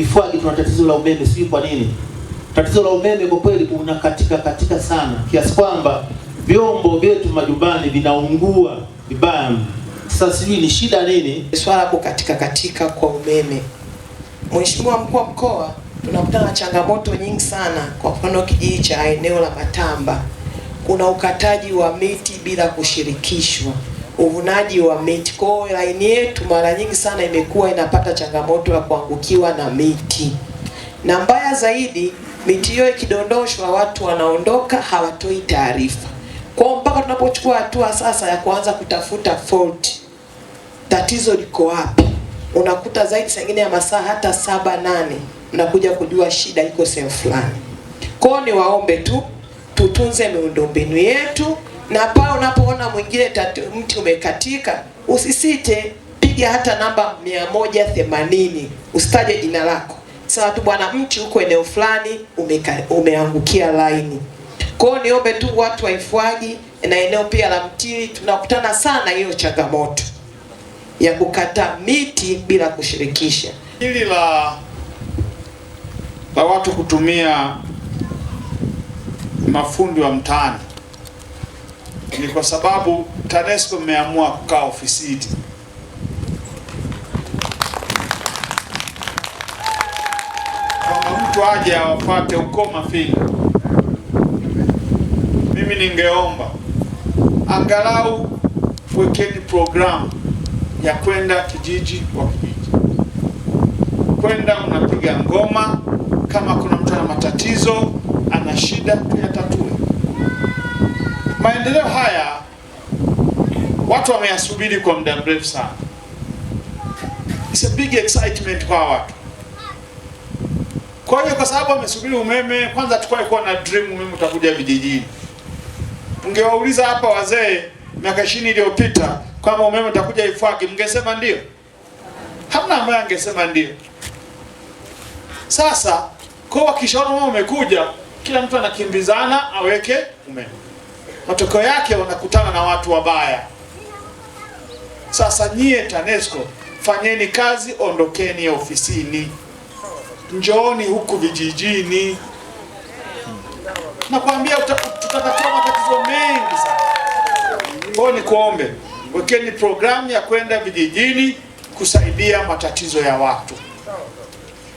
Ifwagi tuna tatizo la umeme, sijui kwa nini. Tatizo la umeme kwa kweli kuna katika sana kiasi kwamba vyombo vyetu majumbani vinaungua vibaya. Sasa sijui ni shida nini, swala hapo katika katika kwa umeme. Mheshimiwa mkuu wa mkoa, tunakutana na changamoto nyingi sana. Kwa mfano kijiji cha eneo la Matamba kuna ukataji wa miti bila kushirikishwa uvunaji wa miti. Kwa hiyo laini yetu mara nyingi sana imekuwa inapata changamoto ya kuangukiwa na miti, na mbaya zaidi miti hiyo ikidondoshwa, watu wanaondoka hawatoi taarifa. Kwa mpaka tunapochukua hatua sasa ya kuanza kutafuta fault, tatizo liko wapi, unakuta zaidi sengine ya masaa hata saba nane unakuja kujua shida iko sehemu fulani. kwao ni waombe tu tutunze miundombinu yetu na pale unapoona mwingine mti umekatika usisite, piga hata namba 180 usitaje jina lako, Sawa tu bwana, mti huko eneo fulani umeangukia laini. Kwa hiyo niombe tu watu wa Ifwagi na eneo pia la Mtili, tunakutana sana hiyo changamoto ya kukata miti bila kushirikisha. Hili la la watu kutumia mafundi wa mtaani ni kwa sababu TANESCO mmeamua kukaa ofisini. Kama mtu aje awapate uko Mafindi, mimi ningeomba angalau wekeni programu ya kwenda kijiji kwa kijiji, kwenda unapiga ngoma, kama kuna mtu ana matatizo, ana shida Maendeleo haya watu wameyasubiri kwa muda mrefu sana. It's a big excitement kwa watu. Kwa hiyo kwa sababu wamesubiri umeme, kwanza kuwa na dream umeme utakuja vijijini. Ungewauliza hapa wazee miaka 20 iliyopita kama umeme utakuja Ifwaki, mngesema ndio? Hamna ambaye angesema ndio. Sasa kwa wakishaona umeme umekuja, kila mtu anakimbizana aweke umeme matokeo yake wanakutana na watu wabaya. Sasa nyie TANESCO fanyeni kazi, ondokeni ofisini, njooni huku vijijini. Nakwambia tutatatua matatizo mengi sana. Kwao ni kuombe wekeni programu ya kwenda vijijini kusaidia matatizo ya watu,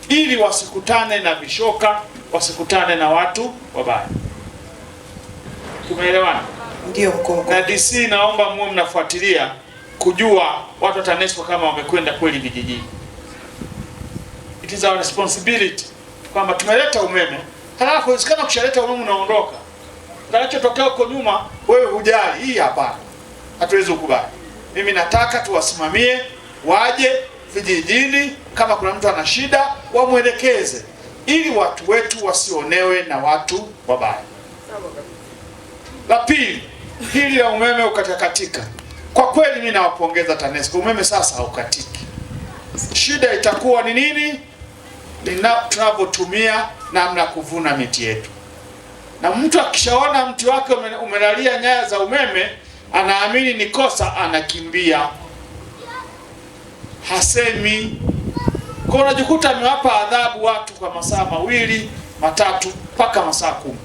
ili wasikutane na vishoka, wasikutane na watu wabaya. Tumeelewana? Ndio mkuu. Na DC naomba muwe mnafuatilia kujua watu wa TANESCO kama wamekwenda kweli vijijini. It is our responsibility kwamba tumeleta umeme, halafu wezekana kushaleta umeme unaondoka, kinachotokea huko nyuma wewe hujali. Hii hapa hatuwezi kukubali. Mimi nataka tuwasimamie waje vijijini, kama kuna mtu ana shida wamwelekeze, ili watu wetu wasionewe na watu wabaya. La pili, hili ya umeme ukatakatika, kwa kweli mimi nawapongeza TANESCO, umeme sasa haukatiki. Shida itakuwa ni nini? Tunavyotumia namna kuvuna miti yetu, na mtu akishaona mti wake umelalia nyaya za umeme anaamini ni kosa, anakimbia, hasemi kwa. Unajikuta amewapa adhabu watu kwa masaa mawili matatu mpaka masaa kumi.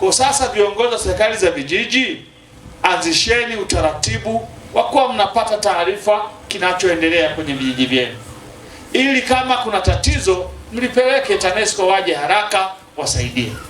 Kwa sasa, viongozi wa serikali za vijiji, anzisheni utaratibu wa kuwa mnapata taarifa kinachoendelea kwenye vijiji vyenu, ili kama kuna tatizo mlipeleke TANESCO waje haraka wasaidie.